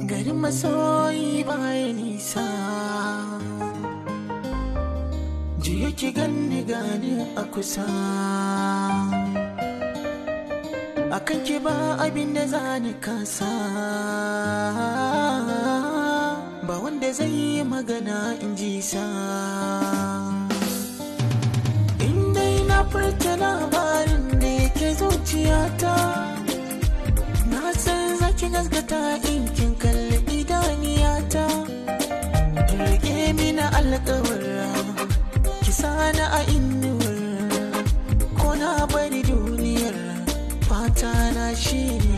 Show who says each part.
Speaker 1: garin masoyi baya nisa ji yake ganni gani a kusa akan ki ba abin da zani kasa ba wanda zai yi magana in ji sa indai na furta labarin da yake zuciyata na san zaki gaskata in kin alƙawarra ki sani a inuwar ko na bari duniyar fata na shi